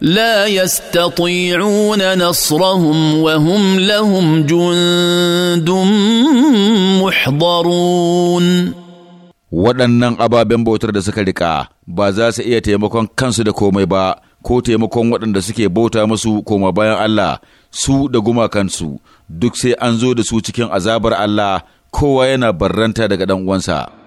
لا يستطيعون نصرهم وهم لهم جند محضرون waɗannan ababen bautar da suka rika ba za su iya taimakon kansu da komai ba ko taimakon waɗanda suke bauta musu koma bayan Allah su da gumakansu duk sai an zo da su cikin azabar Allah kowa yana barranta daga ɗan uwansa.